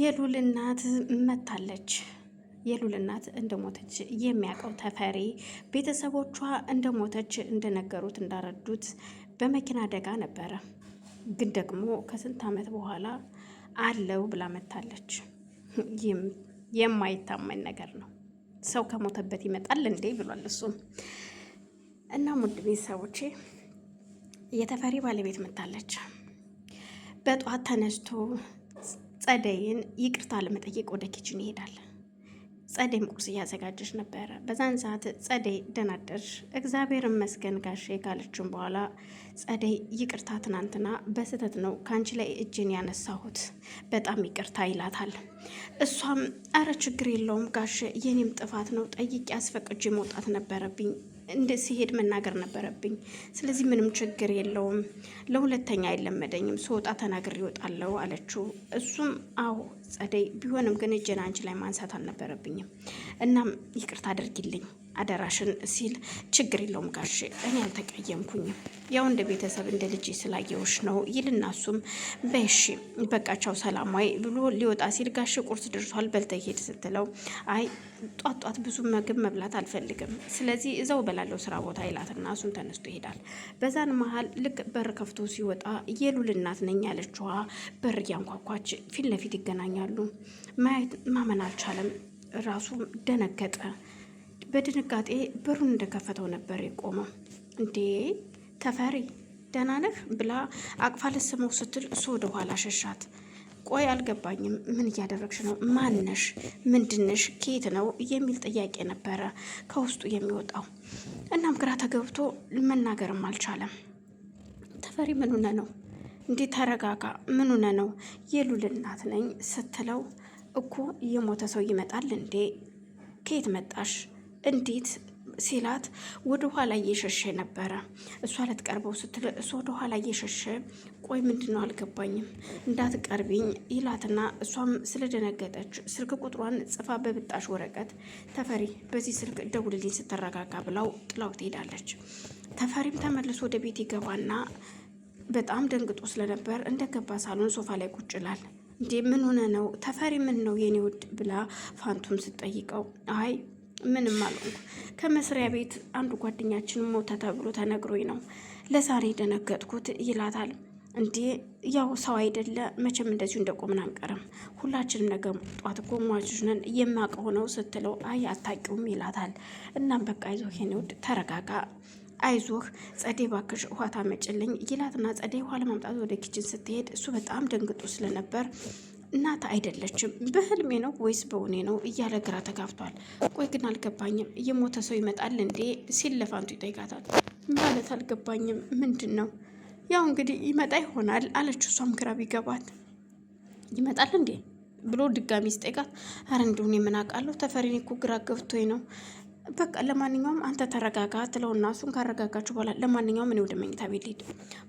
የሉል እናት መታለች። የሉል እናት እንደሞተች የሚያውቀው ተፈሪ ቤተሰቦቿ እንደሞተች እንደነገሩት እንዳረዱት በመኪና አደጋ ነበረ። ግን ደግሞ ከስንት ዓመት በኋላ አለው ብላ መታለች። የማይታመን ነገር ነው። ሰው ከሞተበት ይመጣል እንዴ ብሏል እሱም። እና ሙድ ቤተሰቦቼ የተፈሪ ባለቤት መታለች። በጧት ተነስቶ ጸደይን ይቅርታ ለመጠየቅ ወደ ኪችን ይሄዳል። ጸደይም ቁርስ እያዘጋጀች ነበረ። በዛን ሰዓት ጸደይ ደናደርሽ እግዚአብሔር መስገን ጋሼ ካለችን በኋላ ጸደይ ይቅርታ፣ ትናንትና በስህተት ነው ከአንቺ ላይ እጅን ያነሳሁት በጣም ይቅርታ ይላታል። እሷም አረ ችግር የለውም ጋሼ፣ የኔም ጥፋት ነው ጠይቄ አስፈቅጄ መውጣት ነበረብኝ እንደ ሲሄድ መናገር ነበረብኝ። ስለዚህ ምንም ችግር የለውም፣ ለሁለተኛ አይለመደኝም፣ ስወጣ ተናግሬ እወጣለሁ አለችው። እሱም አዎ ጸደይ፣ ቢሆንም ግን እጄን አንቺ ላይ ማንሳት አልነበረብኝም፣ እናም ይቅርታ አድርጊልኝ አደራሽን ሲል ችግር የለውም ጋሽ እኔ አልተቀየምኩኝም፣ ያው እንደ ቤተሰብ እንደ ልጅ ስላየውሽ ነው ይልና እሱም በሺ በቃቸው ሰላማዊ ብሎ ሊወጣ ሲል ጋሽ ቁርስ ደርሷል በልተህ ስትለው አይ ጧት ጧት ብዙ ምግብ መብላት አልፈልግም፣ ስለዚህ እዛው በላለው ስራ ቦታ ይላትና እሱም ተነስቶ ይሄዳል። በዛን መሀል ልክ በር ከፍቶ ሲወጣ የሉል እናት ነኝ ያለችዋ በር እያንኳኳች ፊት ለፊት ይገናኛሉ። ማየት ማመን አልቻለም። ራሱም ደነገጠ። በድንጋጤ በሩን እንደከፈተው ነበር የቆመው። እንዴ ተፈሪ ደህና ነህ ብላ አቅፋ ልስመው ስትል እሱ ወደ ኋላ ሸሻት። ቆይ አልገባኝም፣ ምን እያደረግሽ ነው? ማነሽ? ምንድንሽ? ኬት ነው የሚል ጥያቄ ነበረ ከውስጡ የሚወጣው። እናም ግራ ተገብቶ መናገርም አልቻለም። ተፈሪ ምኑነ ነው እንዴ? ተረጋጋ፣ ምኑነ ነው የሉል እናት ነኝ ስትለው እኮ የሞተ ሰው ይመጣል እንዴ? ከየት መጣሽ እንዴት ሲላት ወደ ኋላ እየሸሸ ነበረ። እሷ ልትቀርበው ስትል እሱ ወደ ኋላ እየሸሸ ቆይ ምንድነው ነው አልገባኝም፣ እንዳትቀርቢኝ ይላትና እሷም ስለደነገጠች ስልክ ቁጥሯን ጽፋ በብጣሽ ወረቀት ተፈሪ በዚህ ስልክ ደውልልኝ ስትረጋጋ ብላው ጥላው ትሄዳለች። ተፈሪም ተመልሶ ወደ ቤት ይገባና በጣም ደንግጦ ስለነበር እንደገባ ሳሎን ሶፋ ላይ ቁጭ ይላል። እንዴ ምን ሆነ ነው ተፈሪ? ምን ነው የኔ ውድ ብላ ፋንቱም ስትጠይቀው አይ ምንም አልሆንኩ። ከመስሪያ ቤት አንዱ ጓደኛችን ሞተ ተብሎ ተነግሮኝ ነው ለዛሬ ደነገጥኩት ይላታል። እንዴ ያው ሰው አይደለ መቼም እንደዚሁ እንደቆምን አንቀርም። ሁላችንም ነገ ጧት እኮ ሟቾች ነን የማውቀው ነው ስትለው አይ አታውቂውም ይላታል። እናም በቃ አይዞህ የኔ ተረጋጋ፣ አይዞህ ጸዴ ባክሽ ውሃ ታመጭልኝ ይላትና ጸዴ ውሃ ለማምጣት ወደ ኪችን ስትሄድ እሱ በጣም ደንግጦ ስለነበር እናት አይደለችም። በህልሜ ነው ወይስ በእውኔ ነው እያለ ግራ ተጋብቷል። ቆይ ግን አልገባኝም፣ የሞተ ሰው ይመጣል እንዴ ሲል ለፋንቱ ይጠይቃታል። ማለት አልገባኝም፣ ምንድን ነው? ያው እንግዲህ ይመጣ ይሆናል አለች። እሷም ግራ ቢገባት ይመጣል እንዴ ብሎ ድጋሚ ስጠይቃት፣ አረ እንደሆነ የምናውቃለሁ ተፈሪን እኮ ግራ ገብቶኝ ነው በቃ ለማንኛውም አንተ ተረጋጋ ትለውና እሱን ካረጋጋችሁ በኋላ ለማንኛውም እኔ ወደ መኝታ ቤት ልሂድ፣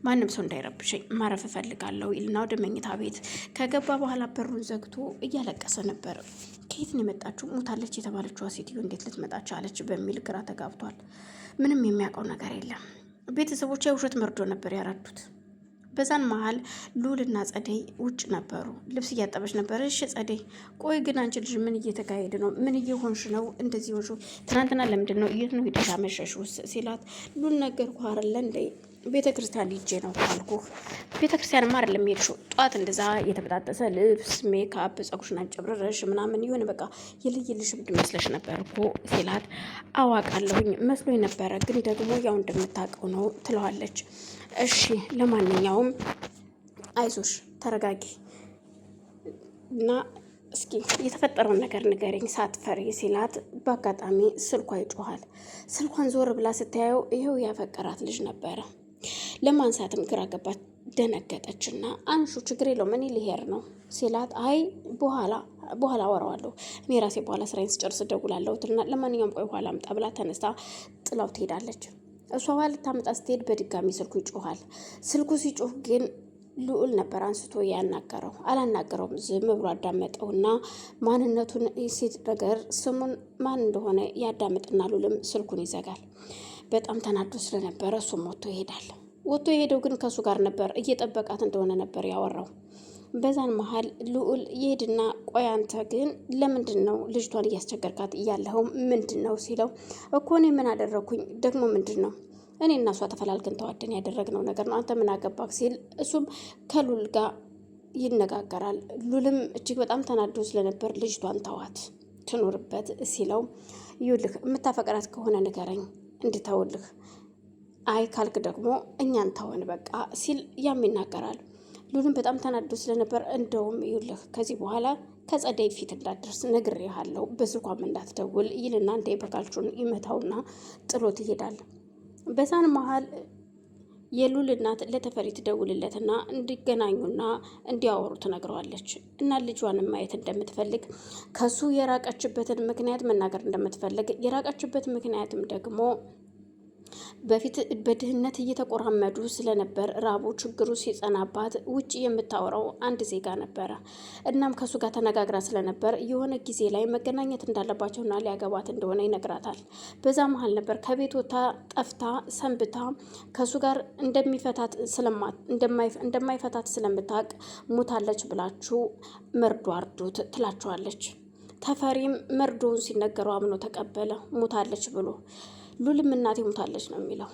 ማንም ሰው እንዳይረብሸኝ ማረፍ እፈልጋለሁ ይልና ወደ መኝታ ቤት ከገባ በኋላ በሩን ዘግቶ እያለቀሰ ነበር። ከየት ነው የመጣችው? ሞታለች የተባለችዋ ሴትዮ እንዴት ልትመጣ ቻለች? በሚል ግራ ተጋብቷል። ምንም የሚያውቀው ነገር የለም። ቤተሰቦች የውሸት መርዶ ነበር ያረዱት። በዛን መሀል ሉልና ጸደይ ውጭ ነበሩ። ልብስ እያጠበች ነበር። እሺ ጸደይ፣ ቆይ ግን አንቺ ልጅ ምን እየተካሄደ ነው? ምን እየሆንሽ ነው? እንደዚህ ሆንሽ ትናንትና ለምንድን ነው? የት ነው ሄደሽ አመሸሽ? ውስጥ ሲላት ሉል ነገር ኳርለ እንደ ቤተ ክርስቲያን ሊጄ ነው ካልኩ ቤተ ክርስቲያን ማር አይደለም የሄድሽው። ጠዋት እንደዛ የተበጣጠሰ ልብስ፣ ሜካፕ፣ ጸጉርሽን አንጨብረረሽ ምናምን የሆነ በቃ የለየልሽ ብድ መስለሽ ነበር እኮ ሲላት አዋቃለሁኝ መስሎኝ ነበረ፣ ግን ደግሞ ያው እንደምታውቀው ነው ትለዋለች። እሺ ለማንኛውም አይዞሽ፣ ተረጋጊ እና እስኪ የተፈጠረውን ነገር ንገረኝ ሳትፈሪ ሲላት፣ በአጋጣሚ ስልኳ ይጮኋል። ስልኳን ዞር ብላ ስታየው ይኸው ያፈቀራት ልጅ ነበረ። ለማንሳትም ግራ ገባት። ደነገጠችና አንሹ ችግር የለውም እኔ ልሄድ ነው ሲላት፣ አይ በኋላ በኋላ አወራዋለሁ እኔ ራሴ በኋላ ስራዬን ስጨርስ እደውላለሁ ትልና ለማንኛውም ቆይ ኋላ ምጣ ብላ ተነስታ ጥላው ትሄዳለች። እሷ ውሃ ልታመጣ ስትሄድ በድጋሚ ስልኩ ይጮኋል። ስልኩ ሲጮህ ግን ልዑል ነበር አንስቶ ያናገረው። አላናገረውም፣ ዝም ብሎ አዳመጠውና ማንነቱን ሴት ነገር ስሙን ማን እንደሆነ ያዳምጥና ልዑልም ስልኩን ይዘጋል። በጣም ተናዶ ስለነበረ እሱም ወጥቶ ይሄዳል። ወጥቶ የሄደው ግን ከእሱ ጋር ነበር፣ እየጠበቃት እንደሆነ ነበር ያወራው። በዛን መሀል ልዑል ይሄድና ቆይ አንተ ግን ለምንድን ነው ልጅቷን እያስቸገርካት እያለኸው ምንድን ነው ሲለው፣ እኮ እኔ ምን አደረግኩኝ ደግሞ ምንድን ነው እኔ እና እሷ ተፈላልገን ተዋደን ያደረግነው ነገር ነው አንተ ምን አገባክ ሲል እሱም ከሉል ጋር ይነጋገራል። ሉልም እጅግ በጣም ተናዶ ስለነበር ልጅቷን ተዋት ትኖርበት ሲለው፣ ይኸውልህ የምታፈቅራት ከሆነ ንገረኝ እንድተውልህ አይ ካልክ ደግሞ እኛን ተሆን በቃ ሲል ያም ይናገራል። ሉልም በጣም ተናዶ ስለነበር እንደውም ይኸውልህ ከዚህ በኋላ ከጸደይ ፊት እንዳትደርስ ነግሬሃለሁ፣ በስልኳም እንዳትደውል ይልና እንደ በካልቹን ይመታውና ጥሎት ይሄዳል። በዛን መሀል የሉል እናት ለተፈሪ ትደውልለትና እንዲገናኙና እንዲያወሩ ትነግረዋለች እና ልጇን ማየት እንደምትፈልግ ከሱ የራቀችበትን ምክንያት መናገር እንደምትፈልግ የራቀችበት ምክንያትም ደግሞ በፊት በድህነት እየተቆራመዱ ስለነበር ራቡ ችግሩ ሲጸናባት ውጭ የምታወራው አንድ ዜጋ ነበረ። እናም ከሱ ጋር ተነጋግራ ስለነበር የሆነ ጊዜ ላይ መገናኘት እንዳለባቸውና ሊያገባት እንደሆነ ይነግራታል። በዛ መሀል ነበር ከቤት ወታ ጠፍታ ሰንብታ ከሱ ጋር እንደሚፈታት እንደማይፈታት ስለምታውቅ ሞታለች ብላችሁ መርዶ አርዱት ትላችኋለች። ተፈሪም መርዶውን ሲነገረው አምኖ ተቀበለ ሞታለች ብሎ ሉልም እናቴ ሞታለች ነው የሚለው